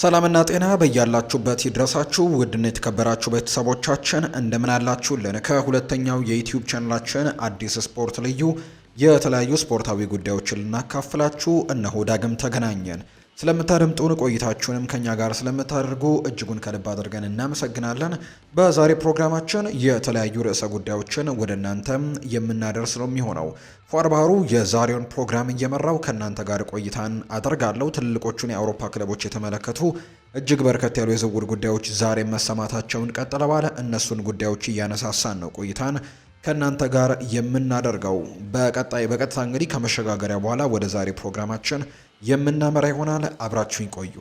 ሰላምና ጤና በያላችሁበት ይድረሳችሁ ውድን የተከበራችሁ ቤተሰቦቻችን እንደምን አላችሁልን? ከሁለተኛው የዩትዩብ ቻናላችን አዲስ ስፖርት ልዩ የተለያዩ ስፖርታዊ ጉዳዮችን ልናካፍላችሁ እነሆ ዳግም ተገናኘን። ስለምታደምጡን ቆይታችሁንም ከኛ ጋር ስለምታደርጉ እጅጉን ከልብ አድርገን እናመሰግናለን። በዛሬ ፕሮግራማችን የተለያዩ ርዕሰ ጉዳዮችን ወደ እናንተም የምናደርስ ነው የሚሆነው። ፏር ባህሩ የዛሬውን ፕሮግራም እየመራው ከእናንተ ጋር ቆይታን አደርጋለሁ። ትልልቆቹን የአውሮፓ ክለቦች የተመለከቱ እጅግ በርከት ያሉ የዝውውር ጉዳዮች ዛሬ መሰማታቸውን ቀጥለዋል። እነሱን ጉዳዮች እያነሳሳን ነው ቆይታን ከእናንተ ጋር የምናደርገው በቀጣይ በቀጥታ እንግዲህ ከመሸጋገሪያ በኋላ ወደ ዛሬ ፕሮግራማችን የምናመራ ይሆናል። አብራችሁኝ ቆዩ።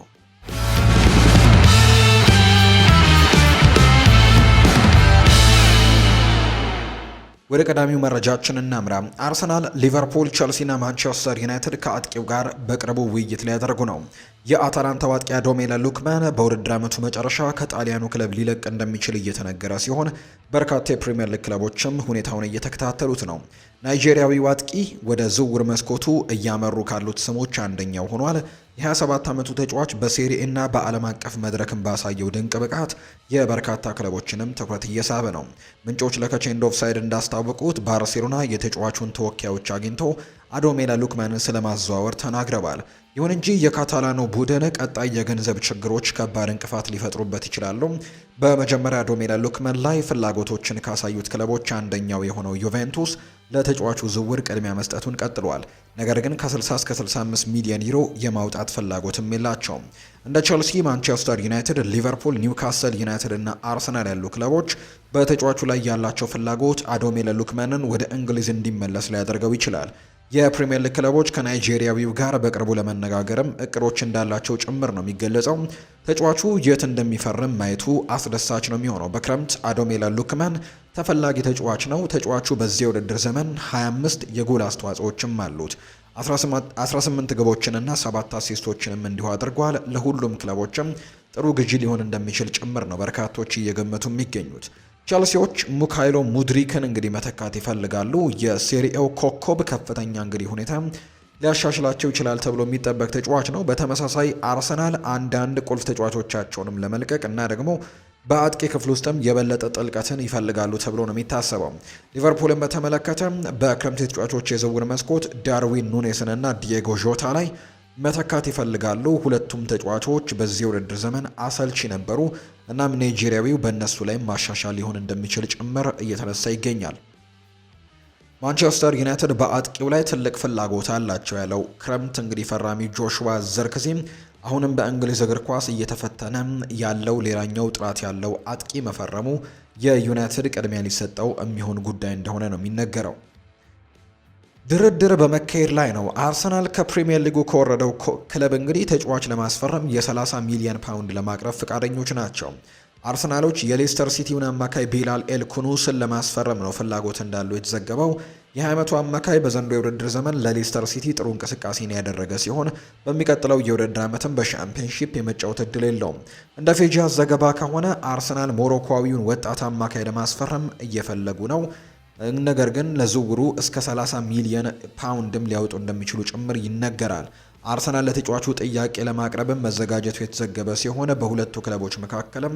ወደ ቀዳሚው መረጃችን እናምራ። አርሰናል፣ ሊቨርፑል፣ ቸልሲና ማንቸስተር ዩናይትድ ከአጥቂው ጋር በቅርቡ ውይይት ሊያደርጉ ነው። የአታላንታው አጥቂ ዶሜላ ሉክማን በውድድር ዓመቱ መጨረሻ ከጣሊያኑ ክለብ ሊለቅ እንደሚችል እየተነገረ ሲሆን በርካታ የፕሪምየር ሊግ ክለቦችም ሁኔታውን እየተከታተሉት ነው። ናይጄሪያዊው አጥቂ ወደ ዝውውር መስኮቱ እያመሩ ካሉት ስሞች አንደኛው ሆኗል። የ27 ዓመቱ ተጫዋች በሴሪ እና በዓለም አቀፍ መድረክን ባሳየው ድንቅ ብቃት የበርካታ ክለቦችንም ትኩረት እየሳበ ነው። ምንጮች ለከቼንድ ኦፍሳይድ እንዳስታወቁት ባርሴሎና የተጫዋቹን ተወካዮች አግኝቶ አዶሜላ ሉክማንን ስለማዘዋወር ተናግረዋል። ይሁን እንጂ የካታላኑ ቡድን ቀጣይ የገንዘብ ችግሮች ከባድ እንቅፋት ሊፈጥሩበት ይችላሉ። በመጀመሪያ ዶሜላ ሉክመን ላይ ፍላጎቶችን ካሳዩት ክለቦች አንደኛው የሆነው ዩቬንቱስ ለተጫዋቹ ዝውውር ቅድሚያ መስጠቱን ቀጥሏል። ነገር ግን ከ60 እስከ 65 ሚሊዮን ዩሮ የማውጣት ፍላጎትም የላቸውም። እንደ ቸልሲ፣ ማንቸስተር ዩናይትድ፣ ሊቨርፑል፣ ኒውካስል ዩናይትድ እና አርሰናል ያሉ ክለቦች በተጫዋቹ ላይ ያላቸው ፍላጎት አዶሜለ ሉክመንን ወደ እንግሊዝ እንዲመለስ ሊያደርገው ይችላል። የፕሪምየር ሊግ ክለቦች ከናይጄሪያዊው ጋር በቅርቡ ለመነጋገርም እቅዶች እንዳላቸው ጭምር ነው የሚገለጸው። ተጫዋቹ የት እንደሚፈርም ማየቱ አስደሳች ነው የሚሆነው። በክረምት አዶሜላ ሉክመን ተፈላጊ ተጫዋች ነው። ተጫዋቹ በዚህ የውድድር ዘመን 25 የጎል አስተዋጽዎችም አሉት። 18 ግቦችንና 7 አሲስቶችንም እንዲሁ አድርጓል። ለሁሉም ክለቦችም ጥሩ ግዢ ሊሆን እንደሚችል ጭምር ነው በርካቶች እየገመቱ የሚገኙት። ቸልሲዎች ሙካይሎ ሙድሪክን እንግዲህ መተካት ይፈልጋሉ። የሴሪኤው ኮከብ ከፍተኛ እንግዲህ ሁኔታ ሊያሻሽላቸው ይችላል ተብሎ የሚጠበቅ ተጫዋች ነው። በተመሳሳይ አርሰናል አንዳንድ ቁልፍ ተጫዋቾቻቸውንም ለመልቀቅ እና ደግሞ በአጥቂ ክፍል ውስጥም የበለጠ ጥልቀትን ይፈልጋሉ ተብሎ ነው የሚታሰበው። ሊቨርፑልን በተመለከተ በክረምት የተጫዋቾች የዝውውር መስኮት ዳርዊን ኑኔስን እና ዲየጎ ዦታ ላይ መተካት ይፈልጋሉ። ሁለቱም ተጫዋቾች በዚህ ውድድር ዘመን አሰልቺ ነበሩ። እናም ኔጄሪያዊው በእነሱ ላይም ማሻሻል ሊሆን እንደሚችል ጭምር እየተነሳ ይገኛል። ማንቸስተር ዩናይትድ በአጥቂው ላይ ትልቅ ፍላጎት አላቸው ያለው ክረምት እንግዲህ ፈራሚ ጆሹዋ ዘርክዚም አሁንም በእንግሊዝ እግር ኳስ እየተፈተነ ያለው ሌላኛው ጥራት ያለው አጥቂ መፈረሙ የዩናይትድ ቅድሚያ ሊሰጠው የሚሆን ጉዳይ እንደሆነ ነው የሚነገረው። ድርድር በመካሄድ ላይ ነው። አርሰናል ከፕሪምየር ሊጉ ከወረደው ክለብ እንግዲህ ተጫዋች ለማስፈረም የ30 ሚሊዮን ፓውንድ ለማቅረብ ፈቃደኞች ናቸው። አርሰናሎች የሌስተር ሲቲውን አማካይ ቢላል ኤል ኩኑስን ለማስፈረም ነው ፍላጎት እንዳለው የተዘገበው። የ20 ዓመቱ አማካይ በዘንድሮ የውድድር ዘመን ለሌስተር ሲቲ ጥሩ እንቅስቃሴን ያደረገ ሲሆን በሚቀጥለው የውድድር ዓመትም በሻምፒዮንሺፕ የመጫወት እድል የለውም። እንደ ፌጃ ዘገባ ከሆነ አርሰናል ሞሮኮዊውን ወጣት አማካይ ለማስፈረም እየፈለጉ ነው። ነገር ግን ለዝውውሩ እስከ 30 ሚሊዮን ፓውንድም ሊያወጡ እንደሚችሉ ጭምር ይነገራል። አርሰናል ለተጫዋቹ ጥያቄ ለማቅረብም መዘጋጀቱ የተዘገበ ሲሆን በሁለቱ ክለቦች መካከልም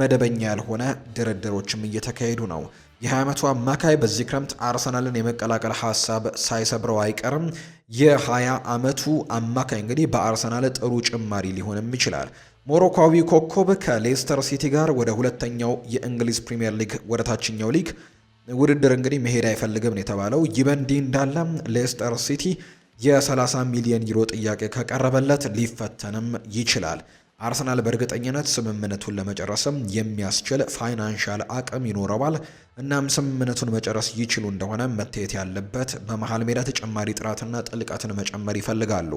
መደበኛ ያልሆነ ድርድሮችም እየተካሄዱ ነው። የ20 ዓመቱ አማካይ በዚህ ክረምት አርሰናልን የመቀላቀል ሀሳብ ሳይሰብረው አይቀርም። የ20 ዓመቱ አማካይ እንግዲህ በአርሰናል ጥሩ ጭማሪ ሊሆንም ይችላል። ሞሮኳዊ ኮከብ ከሌስተር ሲቲ ጋር ወደ ሁለተኛው የእንግሊዝ ፕሪምየር ሊግ ወደ ታችኛው ሊግ ውድድር እንግዲህ መሄድ አይፈልግም ነው የተባለው። ይህ እንዳለ ሌስተር ሲቲ የ30 ሚሊዮን ዩሮ ጥያቄ ከቀረበለት ሊፈተንም ይችላል። አርሰናል በእርግጠኝነት ስምምነቱን ለመጨረስም የሚያስችል ፋይናንሻል አቅም ይኖረዋል። እናም ስምምነቱን መጨረስ ይችሉ እንደሆነ መታየት ያለበት በመሀል ሜዳ ተጨማሪ ጥራትና ጥልቀትን መጨመር ይፈልጋሉ።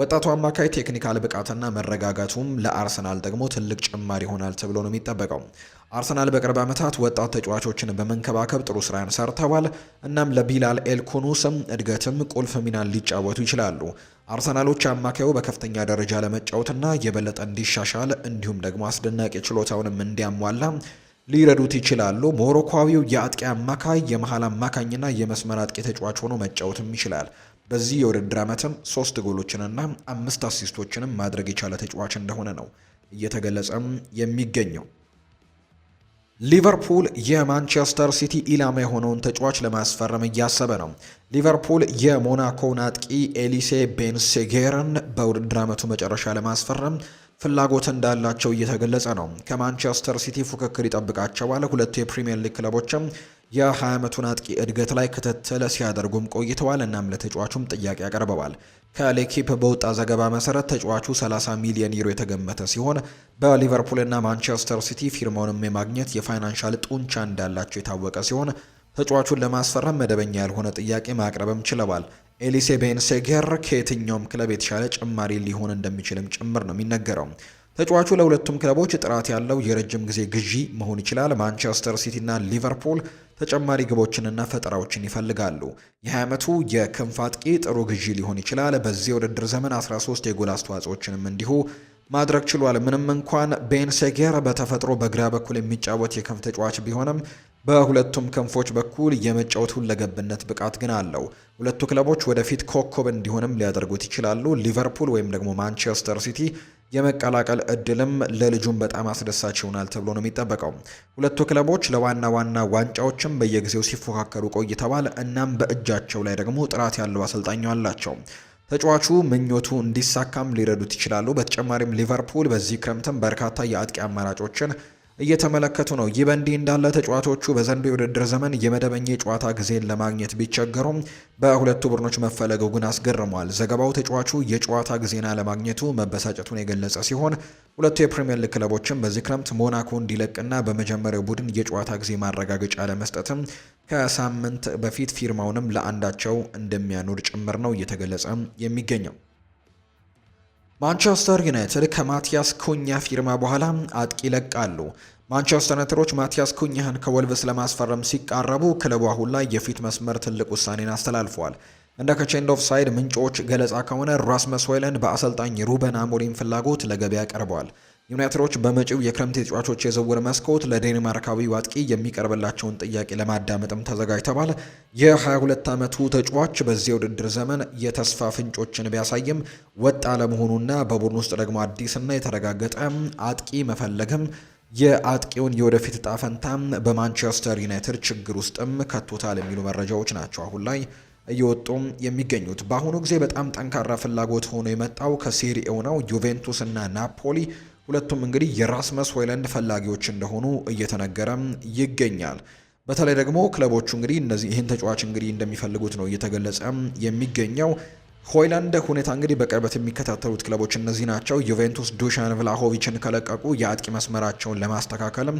ወጣቱ አማካይ ቴክኒካል ብቃትና መረጋጋቱም ለአርሰናል ደግሞ ትልቅ ጭማሪ ይሆናል ተብሎ ነው የሚጠበቀው። አርሰናል በቅርብ ዓመታት ወጣት ተጫዋቾችን በመንከባከብ ጥሩ ስራን ሰርተዋል። እናም ለቢላል ኤልኩኑስም እድገትም ቁልፍ ሚናን ሊጫወቱ ይችላሉ። አርሰናሎች አማካዩ በከፍተኛ ደረጃ ለመጫወትና የበለጠ እንዲሻሻል እንዲሁም ደግሞ አስደናቂ ችሎታውንም እንዲያሟላ ሊረዱት ይችላሉ። ሞሮኳዊው የአጥቂ አማካይ የመሀል አማካኝና የመስመር አጥቂ ተጫዋች ሆኖ መጫወትም ይችላል። በዚህ የውድድር ዓመትም ሶስት ጎሎችንና አምስት አሲስቶችንም ማድረግ የቻለ ተጫዋች እንደሆነ ነው እየተገለጸም የሚገኘው። ሊቨርፑል የማንቸስተር ሲቲ ኢላማ የሆነውን ተጫዋች ለማስፈረም እያሰበ ነው። ሊቨርፑል የሞናኮ አጥቂ ኤሊሴ ቤንሴጌርን በውድድር ዓመቱ መጨረሻ ለማስፈረም ፍላጎት እንዳላቸው እየተገለጸ ነው። ከማንቸስተር ሲቲ ፉክክር ይጠብቃቸዋል። ሁለቱ የፕሪምየር ሊግ ክለቦችም የ20 ዓመቱን አጥቂ እድገት ላይ ክትትል ሲያደርጉም ቆይተዋል። እናም ለተጫዋቹም ጥያቄ ያቀርበዋል። ከሌኪፕ በወጣ ዘገባ መሰረት ተጫዋቹ 30 ሚሊዮን ዩሮ የተገመተ ሲሆን በሊቨርፑልና ማንቸስተር ሲቲ ፊርማውንም የማግኘት የፋይናንሻል ጡንቻ እንዳላቸው የታወቀ ሲሆን ተጫዋቹን ለማስፈረም መደበኛ ያልሆነ ጥያቄ ማቅረብም ችለዋል። ኤሊሴ ቤንሴጌር ከየትኛውም ክለብ የተሻለ ጭማሪ ሊሆን እንደሚችልም ጭምር ነው የሚነገረው። ተጫዋቹ ለሁለቱም ክለቦች ጥራት ያለው የረጅም ጊዜ ግዢ መሆን ይችላል። ማንቸስተር ሲቲና ሊቨርፑል ተጨማሪ ግቦችንና ፈጠራዎችን ይፈልጋሉ። የ20 ዓመቱ የክንፍ አጥቂ ጥሩ ግዢ ሊሆን ይችላል። በዚህ ውድድር ዘመን 13 የጎል አስተዋጽኦችንም እንዲሁ ማድረግ ችሏል። ምንም እንኳን ቤንሴጌር በተፈጥሮ በግራ በኩል የሚጫወት የክንፍ ተጫዋች ቢሆንም በሁለቱም ክንፎች በኩል የመጫወት ሁለገብነት ብቃት ግን አለው። ሁለቱ ክለቦች ወደፊት ኮከብ እንዲሆንም ሊያደርጉት ይችላሉ። ሊቨርፑል ወይም ደግሞ ማንቸስተር ሲቲ የመቀላቀል እድልም ለልጁም በጣም አስደሳች ይሆናል ተብሎ ነው የሚጠበቀው። ሁለቱ ክለቦች ለዋና ዋና ዋንጫዎችም በየጊዜው ሲፎካከሩ ቆይተዋል። እናም በእጃቸው ላይ ደግሞ ጥራት ያለው አሰልጣኝ አላቸው። ተጫዋቹ ምኞቱ እንዲሳካም ሊረዱት ይችላሉ። በተጨማሪም ሊቨርፑል በዚህ ክረምትም በርካታ የአጥቂ አማራጮችን እየተመለከቱ ነው። ይህ በእንዲህ እንዳለ ተጫዋቾቹ በዘንድሮው የውድድር ዘመን የመደበኛ የጨዋታ ጊዜን ለማግኘት ቢቸገሩም በሁለቱ ቡድኖች መፈለገው ግን አስገርሟል። ዘገባው ተጫዋቹ የጨዋታ ጊዜን አለማግኘቱ መበሳጨቱን የገለጸ ሲሆን ሁለቱ የፕሪምየር ሊግ ክለቦችም በዚህ ክረምት ሞናኮ እንዲለቅና በመጀመሪያው ቡድን የጨዋታ ጊዜ ማረጋገጫ ለመስጠትም ከሳምንት በፊት ፊርማውንም ለአንዳቸው እንደሚያኖር ጭምር ነው እየተገለጸ የሚገኘው። ማንቸስተር ዩናይትድ ከማቲያስ ኩኛ ፊርማ በኋላ አጥቂ ይለቃሉ። ማንቸስተር ዩናይትዶች ማቲያስ ኩኛህን ከወልቭስ ለማስፈረም ሲቃረቡ ክለቡ አሁን ላይ የፊት መስመር ትልቅ ውሳኔን አስተላልፏል። እንደ ከቼንድ ኦፍ ሳይድ ምንጮች ገለጻ ከሆነ ራስመስ ሆይለንድ በአሰልጣኝ ሩበን አሞሪም ፍላጎት ለገበያ ቀርቧል። ዩናይትዶች በመጪው የክረምት የተጫዋቾች የዝውውር መስኮት ለዴንማርካዊ አጥቂ የሚቀርብላቸውን ጥያቄ ለማዳመጥም ተዘጋጅተዋል። የ22 ዓመቱ ተጫዋች በዚህ የውድድር ዘመን የተስፋ ፍንጮችን ቢያሳይም ወጥ አለመሆኑና በቡድን ውስጥ ደግሞ አዲስና የተረጋገጠ አጥቂ መፈለግም የአጥቂውን የወደፊት እጣ ፈንታ በማንቸስተር ዩናይትድ ችግር ውስጥም ከቶታል የሚሉ መረጃዎች ናቸው አሁን ላይ እየወጡም የሚገኙት። በአሁኑ ጊዜ በጣም ጠንካራ ፍላጎት ሆኖ የመጣው ከሴሪኤው ነው። ዩቬንቱስ እና ናፖሊ ሁለቱም እንግዲህ የራስመስ ሆይለንድ ፈላጊዎች እንደሆኑ እየተነገረም ይገኛል። በተለይ ደግሞ ክለቦቹ እንግዲህ እነዚህ ይህን ተጫዋች እንግዲህ እንደሚፈልጉት ነው እየተገለጸ የሚገኘው። ሆይላንድ ሁኔታ እንግዲህ በቅርበት የሚከታተሉት ክለቦች እነዚህ ናቸው። ዩቬንቱስ ዱሻን ቭላሆቪችን ከለቀቁ የአጥቂ መስመራቸውን ለማስተካከልም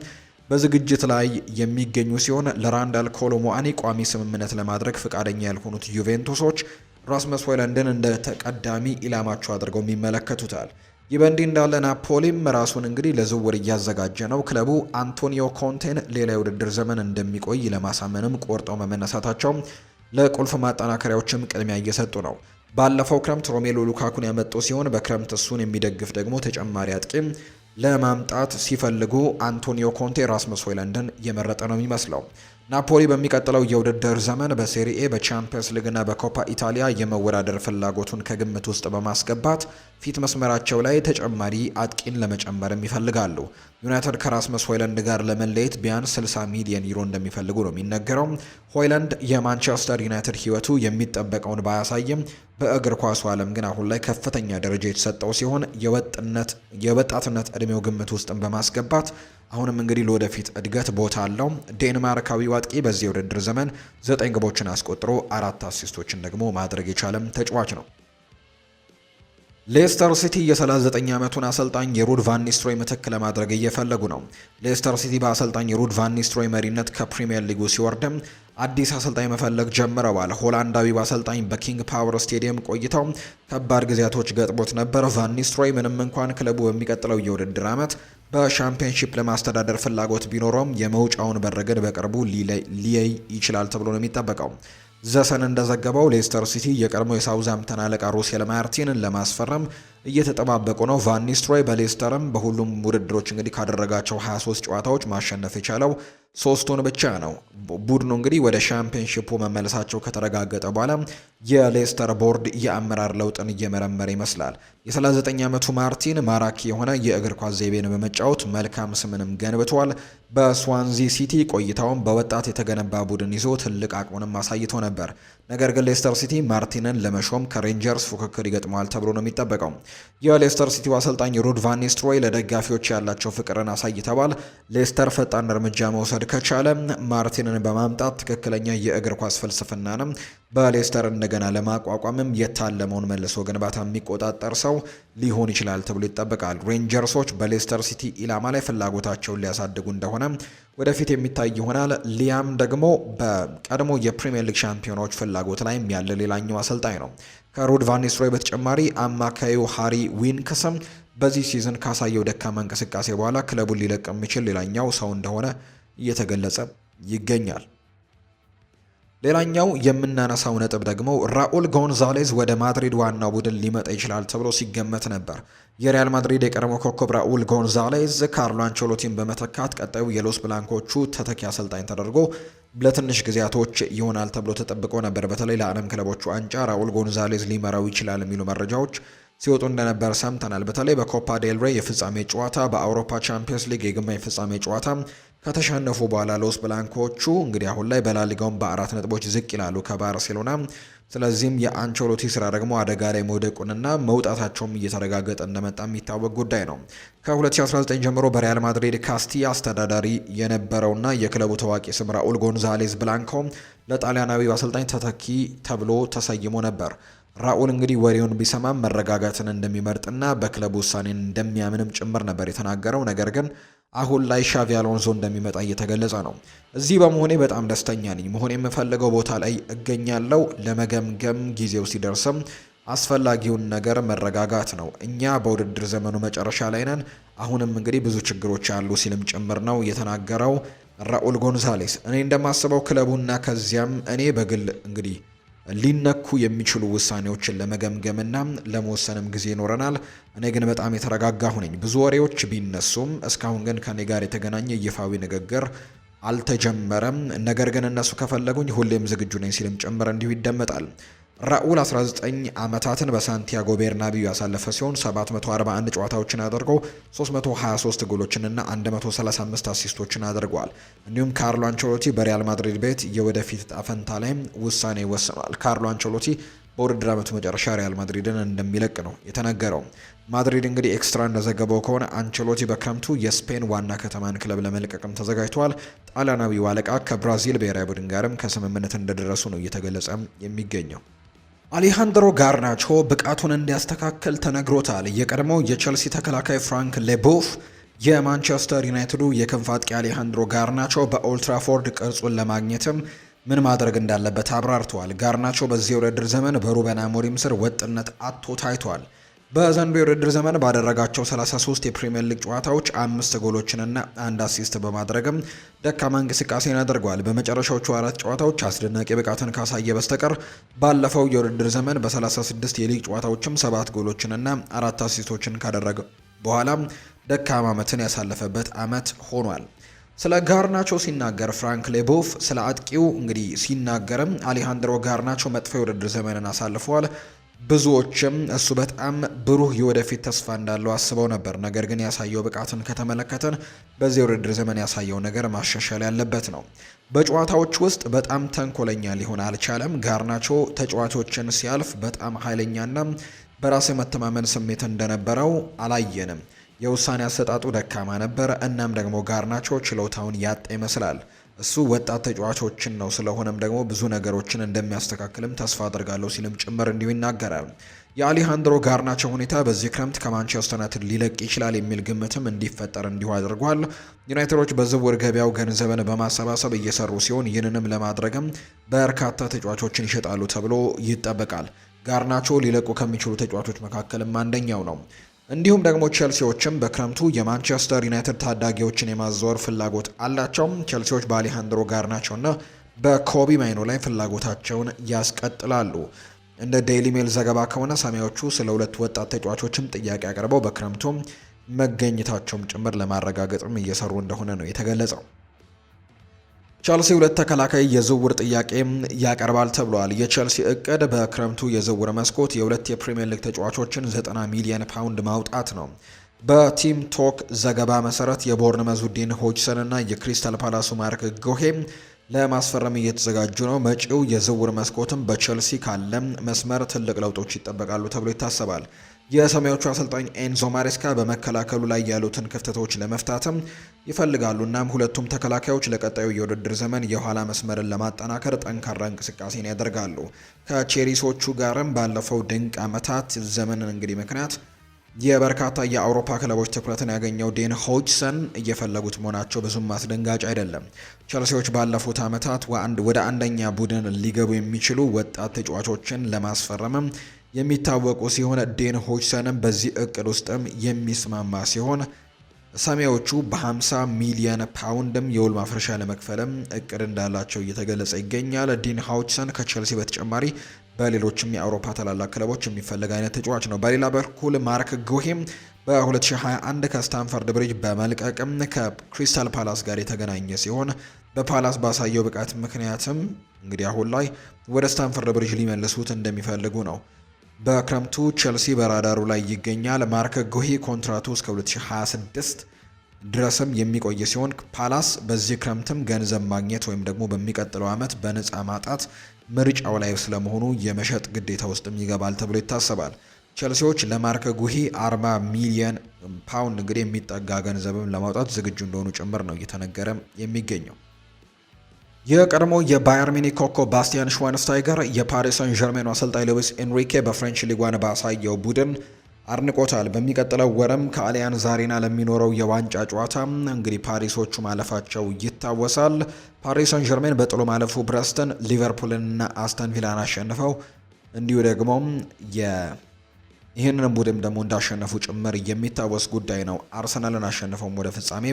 በዝግጅት ላይ የሚገኙ ሲሆን ለራንዳል ኮሎሞአኒ ቋሚ ስምምነት ለማድረግ ፈቃደኛ ያልሆኑት ዩቬንቱሶች ራስመስ ሆይላንድን እንደ ተቀዳሚ ኢላማቸው አድርገው ይመለከቱታል። ይህ በእንዲህ እንዳለ ናፖሊም ራሱን እንግዲህ ለዝውውር እያዘጋጀ ነው። ክለቡ አንቶኒዮ ኮንቴን ሌላ የውድድር ዘመን እንደሚቆይ ለማሳመንም ቆርጠው መመነሳታቸው ለቁልፍ ማጠናከሪያዎችም ቅድሚያ እየሰጡ ነው። ባለፈው ክረምት ሮሜሎ ሉካኩን ያመጡ ሲሆን በክረምት እሱን የሚደግፍ ደግሞ ተጨማሪ አጥቂም ለማምጣት ሲፈልጉ አንቶኒዮ ኮንቴ ራስመስ ሆይለንድን የመረጠ ነው የሚመስለው። ናፖሊ በሚቀጥለው የውድድር ዘመን በሴሪኤ በቻምፒየንስ ሊግና በኮፓ ኢታሊያ የመወዳደር ፍላጎቱን ከግምት ውስጥ በማስገባት ፊት መስመራቸው ላይ ተጨማሪ አጥቂን ለመጨመርም ይፈልጋሉ። ዩናይትድ ከራስመስ ሆይለንድ ጋር ለመለየት ቢያንስ 60 ሚሊዮን ዩሮ እንደሚፈልጉ ነው የሚነገረው። ሆይለንድ የማንቸስተር ዩናይትድ ሕይወቱ የሚጠበቀውን ባያሳይም በእግር ኳሱ ዓለም ግን አሁን ላይ ከፍተኛ ደረጃ የተሰጠው ሲሆን የወጣትነት ዕድሜው ግምት ውስጥን በማስገባት አሁንም እንግዲህ ለወደፊት እድገት ቦታ አለው። ዴንማርካዊ ዋጥቂ በዚህ የውድድር ዘመን ዘጠኝ ግቦችን አስቆጥሮ አራት አሲስቶችን ደግሞ ማድረግ የቻለም ተጫዋች ነው። ሌስተር ሲቲ የ39 ዓመቱን አሰልጣኝ የሩድ ቫን ኒስትሮይ ምትክ ለማድረግ እየፈለጉ ነው። ሌስተር ሲቲ በአሰልጣኝ የሩድ ቫን ኒስትሮይ መሪነት ከፕሪምየር ሊጉ ሲወርድም አዲስ አሰልጣኝ መፈለግ ጀምረዋል። ሆላንዳዊ አሰልጣኝ በኪንግ ፓወር ስቴዲየም ቆይተው ከባድ ጊዜያቶች ገጥሞት ነበር። ቫን ኒስትሮይ ምንም እንኳን ክለቡ በሚቀጥለው የውድድር ዓመት በሻምፒዮንሺፕ ለማስተዳደር ፍላጎት ቢኖረውም የመውጫውን በረገድ በቅርቡ ሊለይ ይችላል ተብሎ ነው የሚጠበቀው። ዘሰን እንደዘገበው ሌስተር ሲቲ የቀድሞ የሳውዝሃምተን አለቃ ሩሴል ማርቲንን ለማስፈረም እየተጠባበቁ ነው። ቫኒስትሮይ በሌስተርም በሁሉም ውድድሮች እንግዲህ ካደረጋቸው 23 ጨዋታዎች ማሸነፍ የቻለው ሶስቱን ብቻ ነው። ቡድኑ እንግዲህ ወደ ሻምፒዮንሺፑ መመለሳቸው ከተረጋገጠ በኋላ የሌስተር ቦርድ የአመራር ለውጥን እየመረመረ ይመስላል። የ39 ዓመቱ ማርቲን ማራኪ የሆነ የእግር ኳስ ዘይቤን በመጫወት መልካም ስምንም ገንብቷል። በስዋንዚ ሲቲ ቆይታውን በወጣት የተገነባ ቡድን ይዞ ትልቅ አቅሙንም አሳይቶ ነበር። ነገር ግን ሌስተር ሲቲ ማርቲንን ለመሾም ከሬንጀርስ ፉክክር ይገጥመዋል ተብሎ ነው የሚጠበቀው። የሌስተር ሲቲው አሰልጣኝ ሩድ ቫን ኒስትሮይ ለደጋፊዎች ያላቸው ፍቅርን አሳይተዋል። ሌስተር ፈጣን እርምጃ መውሰድ ከቻለ ማርቲንን በማምጣት ትክክለኛ የእግር ኳስ ፍልስፍናንም በሌስተር እንደገና ለማቋቋምም የታለመውን መልሶ ግንባታ የሚቆጣጠር ሰው ሊሆን ይችላል ተብሎ ይጠበቃል። ሬንጀርሶች በሌስተር ሲቲ ኢላማ ላይ ፍላጎታቸውን ሊያሳድጉ እንደሆነ ወደፊት የሚታይ ይሆናል። ሊያም ደግሞ በቀድሞ የፕሪምየር ሊግ ሻምፒዮናዎች ፍላጎት ላይም ያለ ሌላኛው አሰልጣኝ ነው። ከሩድ ቫኒስሮይ በተጨማሪ አማካዩ ሃሪ ዊንክስም በዚህ ሲዝን ካሳየው ደካማ እንቅስቃሴ በኋላ ክለቡን ሊለቅ የሚችል ሌላኛው ሰው እንደሆነ እየተገለጸ ይገኛል። ሌላኛው የምናነሳው ነጥብ ደግሞ ራኡል ጎንዛሌዝ ወደ ማድሪድ ዋናው ቡድን ሊመጣ ይችላል ተብሎ ሲገመት ነበር። የሪያል ማድሪድ የቀድሞ ኮከብ ራኡል ጎንዛሌዝ ካርሎ አንቸሎቲን በመተካት ቀጣዩ የሎስ ብላንኮቹ ተተኪ አሰልጣኝ ተደርጎ ለትንሽ ጊዜያቶች ይሆናል ተብሎ ተጠብቆ ነበር። በተለይ ለዓለም ክለቦቹ ዋንጫ ራኡል ጎንዛሌዝ ሊመራው ይችላል የሚሉ መረጃዎች ሲወጡ እንደነበር ሰምተናል። በተለይ በኮፓ ዴልሬ የፍጻሜ ጨዋታ፣ በአውሮፓ ቻምፒየንስ ሊግ የግማሽ ፍጻሜ ጨዋታ ከተሸነፉ በኋላ ሎስ ብላንኮቹ እንግዲህ አሁን ላይ በላሊጋውን በአራት ነጥቦች ዝቅ ይላሉ ከባርሴሎና። ስለዚህም የአንቸሎቲ ስራ ደግሞ አደጋ ላይ መውደቁንና መውጣታቸውም እየተረጋገጠ እንደመጣ የሚታወቅ ጉዳይ ነው። ከ2019 ጀምሮ በሪያል ማድሪድ ካስቲያ አስተዳዳሪ የነበረውና የክለቡ ታዋቂ ስም ራኡል ጎንዛሌዝ ብላንኮ ለጣሊያናዊ አሰልጣኝ ተተኪ ተብሎ ተሰይሞ ነበር። ራኡል እንግዲህ ወሬውን ቢሰማም መረጋጋትን እንደሚመርጥና በክለቡ ውሳኔን እንደሚያምንም ጭምር ነበር የተናገረው ነገር ግን አሁን ላይ ሻቪ አሎንሶ እንደሚመጣ እየተገለጸ ነው። እዚህ በመሆኔ በጣም ደስተኛ ነኝ። መሆን የምፈልገው ቦታ ላይ እገኛለሁ። ለመገምገም ጊዜው ሲደርስም አስፈላጊውን ነገር መረጋጋት ነው። እኛ በውድድር ዘመኑ መጨረሻ ላይ ነን። አሁንም እንግዲህ ብዙ ችግሮች አሉ ሲልም ጭምር ነው የተናገረው ራኡል ጎንዛሌስ። እኔ እንደማስበው ክለቡና ከዚያም እኔ በግል እንግዲህ ሊነኩ የሚችሉ ውሳኔዎችን ለመገምገምና ለመወሰንም ጊዜ ይኖረናል። እኔ ግን በጣም የተረጋጋሁ ነኝ። ብዙ ወሬዎች ቢነሱም እስካሁን ግን ከኔ ጋር የተገናኘ ይፋዊ ንግግር አልተጀመረም። ነገር ግን እነሱ ከፈለጉኝ ሁሌም ዝግጁ ነኝ ሲልም ጭምር እንዲሁ ይደመጣል። ራኡል 19 ዓመታትን በሳንቲያጎ ቤርናቢዩ ያሳለፈ ሲሆን 741 ጨዋታዎችን አድርጎ 323 ጎሎችንና 135 አሲስቶችን አድርጓል። እንዲሁም ካርሎ አንቸሎቲ በሪያል ማድሪድ ቤት የወደፊት ጣፈንታ ላይም ውሳኔ ወስኗል። ካርሎ አንቸሎቲ በውድድር ዓመቱ መጨረሻ ሪያል ማድሪድን እንደሚለቅ ነው የተነገረው። ማድሪድ እንግዲህ ኤክስትራ እንደዘገበው ከሆነ አንቸሎቲ በክረምቱ የስፔን ዋና ከተማን ክለብ ለመልቀቅም ተዘጋጅተዋል። ጣሊያናዊው አለቃ ከብራዚል ብሔራዊ ቡድን ጋርም ከስምምነት እንደደረሱ ነው እየተገለጸ የሚገኘው። አሌሃንድሮ ጋርናቾ ብቃቱን እንዲያስተካከል ተነግሮታል። የቀድሞው የቸልሲ ተከላካይ ፍራንክ ሌቦፍ የማንቸስተር ዩናይትዱ የክንፍ አጥቂ አሌሃንድሮ ጋርናቾ በኦልትራፎርድ ቅርጹን ለማግኘትም ምን ማድረግ እንዳለበት አብራርተዋል። ጋርናቾ በዚህ የውድድር ዘመን በሩበን አሞሪም ስር ወጥነት አጥቶ ታይቷል። በዘንዶ የውድድር ዘመን ባደረጋቸው 33 የፕሪምየር ሊግ ጨዋታዎች አምስት ጎሎችንና አንድ አሲስት በማድረግም ደካማ እንቅስቃሴን አድርጓል። በመጨረሻዎቹ አራት ጨዋታዎች አስደናቂ ብቃትን ካሳየ በስተቀር ባለፈው የውድድር ዘመን በ36 የሊግ ጨዋታዎችም ሰባት ጎሎችንና አራት አሲስቶችን ካደረገ በኋላ ደካማ ዓመትን ያሳለፈበት ዓመት ሆኗል። ስለ ጋርናቾ ሲናገር ፍራንክ ሌቦፍ ስለ አጥቂው እንግዲህ ሲናገርም አሊሃንድሮ ጋርናቾ መጥፎ የውድድር ዘመንን አሳልፈዋል ብዙዎችም እሱ በጣም ብሩህ የወደፊት ተስፋ እንዳለው አስበው ነበር። ነገር ግን ያሳየው ብቃትን ከተመለከተን በዚህ ውድድር ዘመን ያሳየው ነገር ማሻሻል ያለበት ነው። በጨዋታዎች ውስጥ በጣም ተንኮለኛ ሊሆን አልቻለም። ጋርናቾ ተጫዋቾችን ሲያልፍ በጣም ኃይለኛና በራስ የመተማመን ስሜት እንደነበረው አላየንም። የውሳኔ አሰጣጡ ደካማ ነበር። እናም ደግሞ ጋርናቾ ችሎታውን ያጣ ይመስላል። እሱ ወጣት ተጫዋቾችን ነው። ስለሆነም ደግሞ ብዙ ነገሮችን እንደሚያስተካክልም ተስፋ አድርጋለሁ ሲልም ጭምር እንዲሁ ይናገራል። የአሊሃንድሮ ጋርናቸው ሁኔታ በዚህ ክረምት ከማንቸስተር ዩናይትድ ሊለቅ ይችላል የሚል ግምትም እንዲፈጠር እንዲሁ አድርጓል። ዩናይትዶች በዝውውር ገበያው ገንዘብን በማሰባሰብ እየሰሩ ሲሆን ይህንንም ለማድረግም በርካታ ተጫዋቾችን ይሸጣሉ ተብሎ ይጠበቃል። ጋርናቾ ሊለቁ ከሚችሉ ተጫዋቾች መካከልም አንደኛው ነው። እንዲሁም ደግሞ ቸልሲዎችም በክረምቱ የማንቸስተር ዩናይትድ ታዳጊዎችን የማዘወር ፍላጎት አላቸው። ቸልሲዎች በአሌሃንድሮ ጋር ናቸውና በኮቢ ማይኖ ላይ ፍላጎታቸውን ያስቀጥላሉ። እንደ ዴይሊ ሜል ዘገባ ከሆነ ሰማያዎቹ ስለ ሁለት ወጣት ተጫዋቾችም ጥያቄ አቅርበው በክረምቱም መገኘታቸውም ጭምር ለማረጋገጥም እየሰሩ እንደሆነ ነው የተገለጸው። ቸልሲ ሁለት ተከላካይ የዝውውር ጥያቄ ያቀርባል ተብሏል። የቸልሲ እቅድ በክረምቱ የዝውውር መስኮት የሁለት የፕሪምየር ሊግ ተጫዋቾችን 90 ሚሊየን ፓውንድ ማውጣት ነው። በቲም ቶክ ዘገባ መሰረት የቦርን ዲን ሆጅሰን እና የክሪስታል ፓላሱ ማርክ ጎሄ ለማስፈረም እየተዘጋጁ ነው። መጪው የዝውውር መስኮትም በቸልሲ ካለ መስመር ትልቅ ለውጦች ይጠበቃሉ ተብሎ ይታሰባል። የሰማዮቹ አሰልጣኝ ኤንዞ ማሬስካ በመከላከሉ ላይ ያሉትን ክፍተቶች ለመፍታትም ይፈልጋሉ። እናም ሁለቱም ተከላካዮች ለቀጣዩ የውድድር ዘመን የኋላ መስመርን ለማጠናከር ጠንካራ እንቅስቃሴን ያደርጋሉ። ከቼሪሶቹ ጋርም ባለፈው ድንቅ ዓመታት ዘመንን እንግዲህ ምክንያት የበርካታ የአውሮፓ ክለቦች ትኩረትን ያገኘው ዴን ሆጅሰን እየፈለጉት መሆናቸው ብዙም አስደንጋጭ አይደለም። ቸልሲዎች ባለፉት ዓመታት ወደ አንደኛ ቡድን ሊገቡ የሚችሉ ወጣት ተጫዋቾችን ለማስፈረምም የሚታወቁ ሲሆን ዴን ሆችሰንም በዚህ እቅድ ውስጥም የሚስማማ ሲሆን ሰሜዎቹ በ50 ሚሊየን ፓውንድም የውል ማፍረሻ ለመክፈልም እቅድ እንዳላቸው እየተገለጸ ይገኛል። ዲን ሃውችሰን ከቸልሲ በተጨማሪ በሌሎችም የአውሮፓ ታላላቅ ክለቦች የሚፈለግ አይነት ተጫዋች ነው። በሌላ በኩል ማርክ ጎሄም በ2021 ከስታንፈርድ ብሪጅ በመልቀቅም ከክሪስታል ፓላስ ጋር የተገናኘ ሲሆን በፓላስ ባሳየው ብቃት ምክንያትም እንግዲህ አሁን ላይ ወደ ስታንፈርድ ብሪጅ ሊመልሱት እንደሚፈልጉ ነው በክረምቱ ቼልሲ በራዳሩ ላይ ይገኛል። ማርክ ጎሂ ኮንትራቱ እስከ 2026 ድረስም የሚቆይ ሲሆን ፓላስ በዚህ ክረምትም ገንዘብ ማግኘት ወይም ደግሞ በሚቀጥለው ዓመት በነፃ ማጣት ምርጫው ላይ ስለመሆኑ የመሸጥ ግዴታ ውስጥም ይገባል ተብሎ ይታሰባል። ቸልሲዎች ለማርከ ጉሂ 40 ሚሊየን ፓውንድ እንግዲህ የሚጠጋ ገንዘብም ለማውጣት ዝግጁ እንደሆኑ ጭምር ነው እየተነገረ የሚገኘው። የቀድሞ የባየር ሚኒክ ኮከብ ባስቲያን ሽዋንስታይገር የፓሪስ ሰን ዠርሜኑ አሰልጣኝ ሉዊስ ኤንሪኬ በፍሬንች ሊጓን ባሳየው ቡድን አድንቆታል። በሚቀጥለው ወርም ከአሊያን ዛሬና ለሚኖረው የዋንጫ ጨዋታ እንግዲህ ፓሪሶቹ ማለፋቸው ይታወሳል። ፓሪስ ሰን ዠርሜን በጥሎ ማለፉ ብረስተን፣ ሊቨርፑልንና አስተን ቪላን አሸንፈው እንዲሁ ደግሞ ይህንንም ቡድን ደግሞ እንዳሸነፉ ጭምር የሚታወስ ጉዳይ ነው። አርሰናልን አሸንፈውም ወደ ፍጻሜ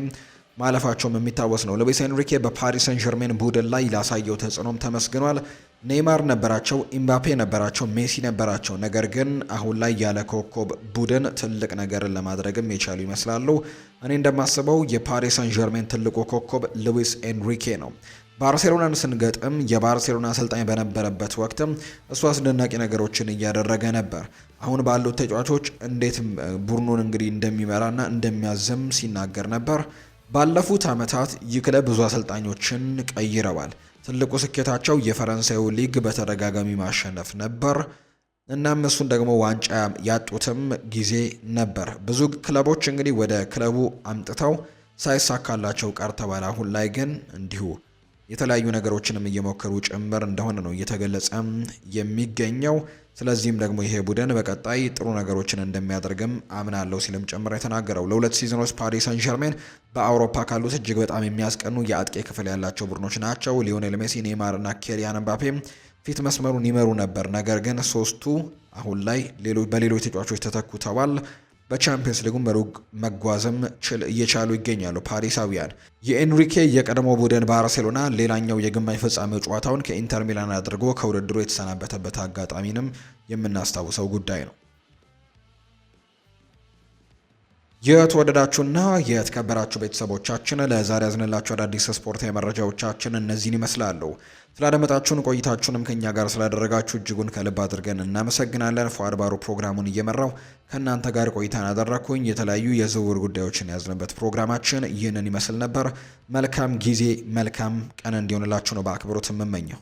ማለፋቸውም የሚታወስ ነው። ሉዊስ ኤንሪኬ በፓሪስ ሰን ዠርሜን ቡድን ላይ ላሳየው ተጽዕኖም ተመስግኗል። ኔይማር ነበራቸው፣ ኢምባፔ ነበራቸው፣ ሜሲ ነበራቸው። ነገር ግን አሁን ላይ ያለ ኮከብ ቡድን ትልቅ ነገርን ለማድረግም የቻሉ ይመስላሉ። እኔ እንደማስበው የፓሪስ ሰን ዠርሜን ትልቁ ኮከብ ሉዊስ ኤንሪኬ ነው። ባርሴሎናን ስንገጥም የባርሴሎና አሰልጣኝ በነበረበት ወቅትም እሱ አስደናቂ ነገሮችን እያደረገ ነበር። አሁን ባሉት ተጫዋቾች እንዴት ቡድኑን እንግዲህ እንደሚመራና እንደሚያዝም ሲናገር ነበር። ባለፉት ዓመታት ይህ ክለብ ብዙ አሰልጣኞችን ቀይረዋል። ትልቁ ስኬታቸው የፈረንሳዩ ሊግ በተደጋጋሚ ማሸነፍ ነበር። እናም እሱን ደግሞ ዋንጫ ያጡትም ጊዜ ነበር። ብዙ ክለቦች እንግዲህ ወደ ክለቡ አምጥተው ሳይሳካላቸው ቀርተዋል። አሁን ላይ ግን እንዲሁ የተለያዩ ነገሮችንም እየሞከሩ ጭምር እንደሆነ ነው እየተገለጸ የሚገኘው። ስለዚህም ደግሞ ይሄ ቡድን በቀጣይ ጥሩ ነገሮችን እንደሚያደርግም አምናለሁ ሲልም ጭምር የተናገረው ለሁለት ሲዝኖች ፓሪስ ሰን ዠርሜን በአውሮፓ ካሉት እጅግ በጣም የሚያስቀኑ የአጥቂ ክፍል ያላቸው ቡድኖች ናቸው። ሊዮኔል ሜሲ፣ ኔይማር እና ኬሊያን ምባፔ ፊት መስመሩን ይመሩ ነበር። ነገር ግን ሶስቱ አሁን ላይ በሌሎች ተጫዋቾች ተተኩተዋል። በቻምፒየንስ ሊጉም ሩቅ መጓዝም እየቻሉ ይገኛሉ። ፓሪሳውያን የኤንሪኬ የቀድሞ ቡድን ባርሴሎና ሌላኛው የግማሽ ፍጻሜ ጨዋታውን ከኢንተር ሚላን አድርጎ ከውድድሩ የተሰናበተበት አጋጣሚንም የምናስታውሰው ጉዳይ ነው። የተወደዳችሁና የተከበራችሁ ቤተሰቦቻችን ለዛሬ ያዝንላችሁ አዳዲስ ስፖርታዊ መረጃዎቻችን እነዚህን ይመስላሉ። ስላደመጣችሁን ቆይታችሁንም ከኛ ጋር ስላደረጋችሁ እጅጉን ከልብ አድርገን እናመሰግናለን። ፏአድባሩ ባሩ ፕሮግራሙን እየመራው ከእናንተ ጋር ቆይታን አደረግኩኝ። የተለያዩ የዝውውር ጉዳዮችን ያዝንበት ፕሮግራማችን ይህንን ይመስል ነበር። መልካም ጊዜ፣ መልካም ቀን እንዲሆንላችሁ ነው በአክብሮት የምመኘው።